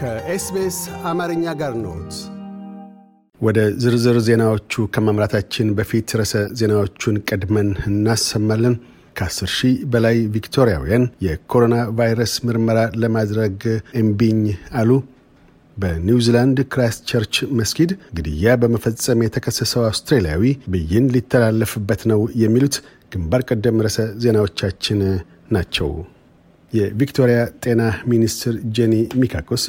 ከኤስቤስ አማርኛ ጋር ነት ወደ ዝርዝር ዜናዎቹ ከማምራታችን በፊት ረዕሰ ዜናዎቹን ቀድመን እናሰማለን። ከ10 ሺህ በላይ ቪክቶሪያውያን የኮሮና ቫይረስ ምርመራ ለማድረግ እምቢኝ አሉ። በኒውዚላንድ ክራይስት ቸርች መስጊድ ግድያ በመፈጸም የተከሰሰው አውስትራሊያዊ ብይን ሊተላለፍበት ነው የሚሉት ግንባር ቀደም ረዕሰ ዜናዎቻችን ናቸው። የቪክቶሪያ ጤና ሚኒስትር ጄኒ ሚካኮስ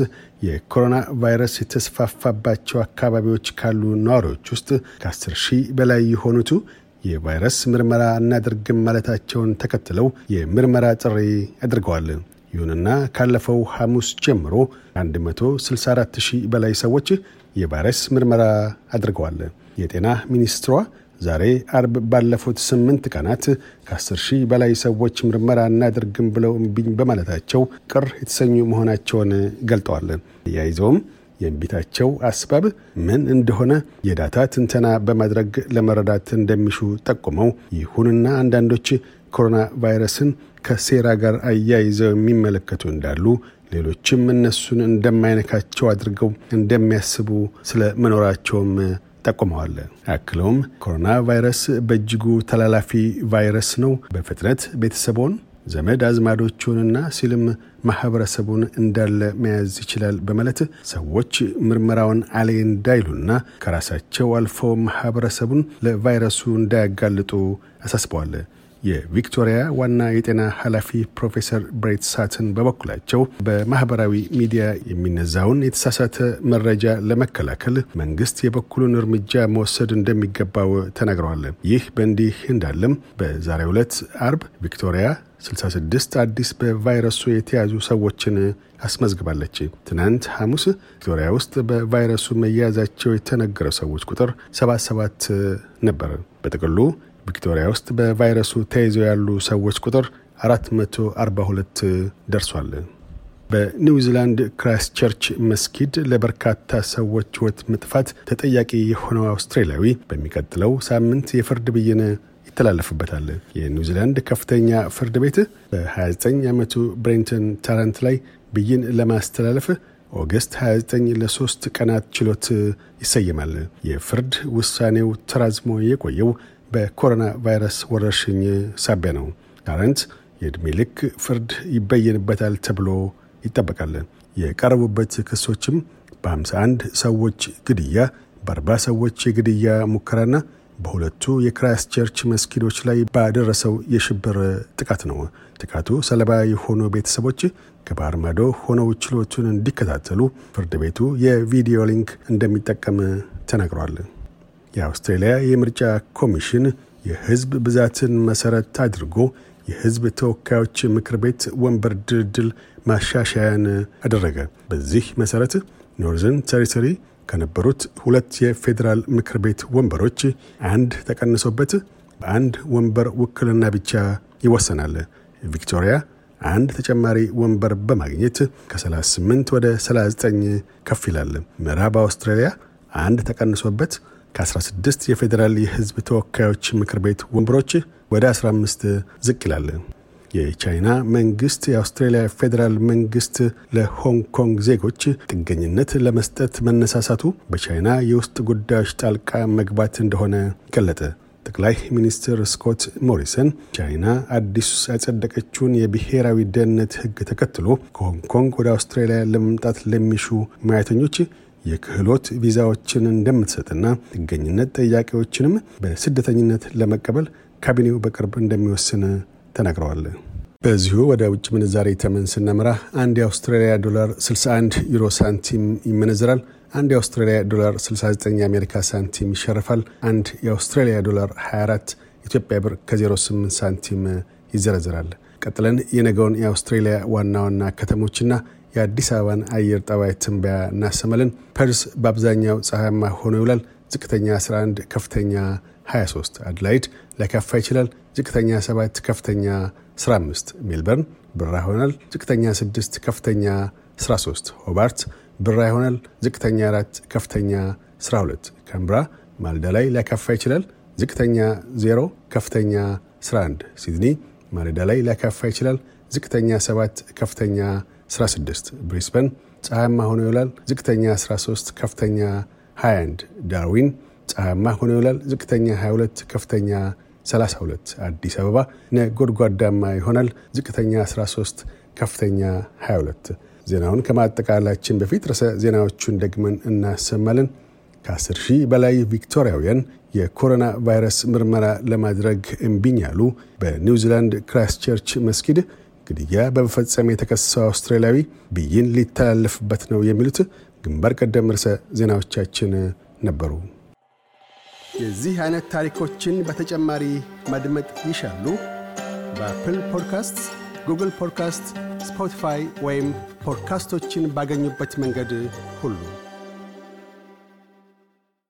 የኮሮና ቫይረስ የተስፋፋባቸው አካባቢዎች ካሉ ነዋሪዎች ውስጥ ከ10 ሺህ በላይ የሆኑቱ የቫይረስ ምርመራ እናደርግም ማለታቸውን ተከትለው የምርመራ ጥሪ አድርገዋል። ይሁንና ካለፈው ሐሙስ ጀምሮ 164 ሺህ በላይ ሰዎች የቫይረስ ምርመራ አድርገዋል። የጤና ሚኒስትሯ ዛሬ አርብ ባለፉት ስምንት ቀናት ከ10 ሺህ በላይ ሰዎች ምርመራ እናድርግም ብለው እምቢኝ በማለታቸው ቅር የተሰኙ መሆናቸውን ገልጠዋል። ያይዘውም የእንቢታቸው አስባብ ምን እንደሆነ የዳታ ትንተና በማድረግ ለመረዳት እንደሚሹ ጠቁመው፣ ይሁንና አንዳንዶች ኮሮና ቫይረስን ከሴራ ጋር አያይዘው የሚመለከቱ እንዳሉ ሌሎችም እነሱን እንደማይነካቸው አድርገው እንደሚያስቡ ስለ መኖራቸውም ጠቁመዋል። አክለውም ኮሮና ቫይረስ በእጅጉ ተላላፊ ቫይረስ ነው። በፍጥነት ቤተሰቦን ዘመድ አዝማዶችንና ሲልም ማህበረሰቡን እንዳለ መያዝ ይችላል በማለት ሰዎች ምርመራውን አሌ እንዳይሉና ከራሳቸው አልፈው ማህበረሰቡን ለቫይረሱ እንዳያጋልጡ አሳስበዋል። የቪክቶሪያ ዋና የጤና ኃላፊ ፕሮፌሰር ብሬት ሳትን በበኩላቸው በማህበራዊ ሚዲያ የሚነዛውን የተሳሳተ መረጃ ለመከላከል መንግስት የበኩሉን እርምጃ መወሰድ እንደሚገባው ተናግረዋል። ይህ በእንዲህ እንዳለም በዛሬው ዕለት አርብ ቪክቶሪያ 66 አዲስ በቫይረሱ የተያዙ ሰዎችን አስመዝግባለች። ትናንት ሐሙስ ቪክቶሪያ ውስጥ በቫይረሱ መያዛቸው የተነገረ ሰዎች ቁጥር 77 ነበር። በጥቅሉ ቪክቶሪያ ውስጥ በቫይረሱ ተይዘው ያሉ ሰዎች ቁጥር 442 ደርሷል። በኒውዚላንድ ክራይስት ቸርች መስጊድ ለበርካታ ሰዎች ሕይወት መጥፋት ተጠያቂ የሆነው አውስትራሊያዊ በሚቀጥለው ሳምንት የፍርድ ብይን ይተላለፍበታል። የኒውዚላንድ ከፍተኛ ፍርድ ቤት በ29 ዓመቱ ብሬንተን ታራንት ላይ ብይን ለማስተላለፍ ኦገስት 29 ለ ለ3 ቀናት ችሎት ይሰየማል። የፍርድ ውሳኔው ተራዝሞ የቆየው በኮሮና ቫይረስ ወረርሽኝ ሳቢያ ነው። ታረንት የዕድሜ ልክ ፍርድ ይበየንበታል ተብሎ ይጠበቃል። የቀረቡበት ክሶችም በ51 ሰዎች ግድያ፣ በ40 ሰዎች የግድያ ሙከራና በሁለቱ ቸርች መስጊዶች ላይ ባደረሰው የሽብር ጥቃት ነው። ጥቃቱ ሰለባ የሆኑ ቤተሰቦች ከባህር ማዶ ሆነው ችሎቱን እንዲከታተሉ ፍርድ ቤቱ የቪዲዮ ሊንክ እንደሚጠቀም ተናግሯል። የአውስትሬልያ የምርጫ ኮሚሽን የህዝብ ብዛትን መሰረት አድርጎ የህዝብ ተወካዮች ምክር ቤት ወንበር ድልድል ማሻሻያን አደረገ። በዚህ መሰረት ኖርዘን ተሪተሪ ከነበሩት ሁለት የፌዴራል ምክር ቤት ወንበሮች አንድ ተቀንሶበት በአንድ ወንበር ውክልና ብቻ ይወሰናል። ቪክቶሪያ አንድ ተጨማሪ ወንበር በማግኘት ከ38 ወደ 39 ከፍ ይላል። ምዕራብ አውስትራሊያ አንድ ተቀንሶበት ከ16 የፌዴራል የህዝብ ተወካዮች ምክር ቤት ወንበሮች ወደ 15 ዝቅ ይላል። የቻይና መንግስት የአውስትሬልያ ፌዴራል መንግስት ለሆንግ ኮንግ ዜጎች ጥገኝነት ለመስጠት መነሳሳቱ በቻይና የውስጥ ጉዳዮች ጣልቃ መግባት እንደሆነ ገለጠ። ጠቅላይ ሚኒስትር ስኮት ሞሪሰን ቻይና አዲሱ ያጸደቀችውን የብሔራዊ ደህንነት ህግ ተከትሎ ከሆንግ ኮንግ ወደ አውስትራሊያ ለመምጣት ለሚሹ ማያተኞች የክህሎት ቪዛዎችን እንደምትሰጥና ጥገኝነት ጥያቄዎችንም በስደተኝነት ለመቀበል ካቢኔው በቅርብ እንደሚወስን ተናግረዋል። በዚሁ ወደ ውጭ ምንዛሬ ተመን ስነምራ አንድ የአውስትራሊያ ዶላር 61 ዩሮ ሳንቲም ይመነዝራል። አንድ የአውስትራሊያ ዶላር 69 የአሜሪካ ሳንቲም ይሸርፋል። አንድ የአውስትራሊያ ዶላር 24 ኢትዮጵያ ብር ከ08 ሳንቲም ይዘረዝራል። ቀጥለን የነገውን የአውስትሬሊያ ዋና ዋና ከተሞችና የአዲስ አበባን አየር ጠባይ ትንበያ እናሰማለን። ፐርስ በአብዛኛው ፀሐያማ ሆኖ ይውላል። ዝቅተኛ 11፣ ከፍተኛ 23። አድላይድ ሊያካፋ ይችላል። ዝቅተኛ 7፣ ከፍተኛ 15። ሜልበርን ብራ ይሆናል። ዝቅተኛ 6፣ ከፍተኛ 13። ሆባርት ብራ ይሆናል። ዝቅተኛ 4፣ ከፍተኛ 12። ካምብራ ማልዳ ላይ ሊያካፋ ይችላል። ዝቅተኛ 0፣ ከፍተኛ 11። ሲድኒ ማልዳ ላይ ሊያካፋ ይችላል። ዝቅተኛ 7፣ ከፍተኛ 16 ብሪስበን ፀሐያማ ሆኖ ይውላል። ዝቅተኛ 13 ከፍተኛ 21 ዳርዊን ፀሐያማ ሆኖ ይውላል። ዝቅተኛ 22 ከፍተኛ 32 አዲስ አበባ ነጎድጓዳማ ይሆናል። ዝቅተኛ 13 ከፍተኛ 22 ዜናውን ከማጠቃላችን በፊት ርዕሰ ዜናዎቹን ደግመን እናሰማለን። ከ10 ሺህ በላይ ቪክቶሪያውያን የኮሮና ቫይረስ ምርመራ ለማድረግ እምቢኝ አሉ። በኒውዚላንድ ክራይስት ቸርች መስጊድ ግድያ በመፈጸም የተከሰሰው አውስትራሊያዊ ብይን ሊተላለፍበት ነው የሚሉት ግንባር ቀደም ርዕሰ ዜናዎቻችን ነበሩ። የዚህ አይነት ታሪኮችን በተጨማሪ ማድመጥ ይሻሉ? በአፕል ፖድካስት፣ ጉግል ፖድካስት፣ ስፖቲፋይ ወይም ፖድካስቶችን ባገኙበት መንገድ ሁሉ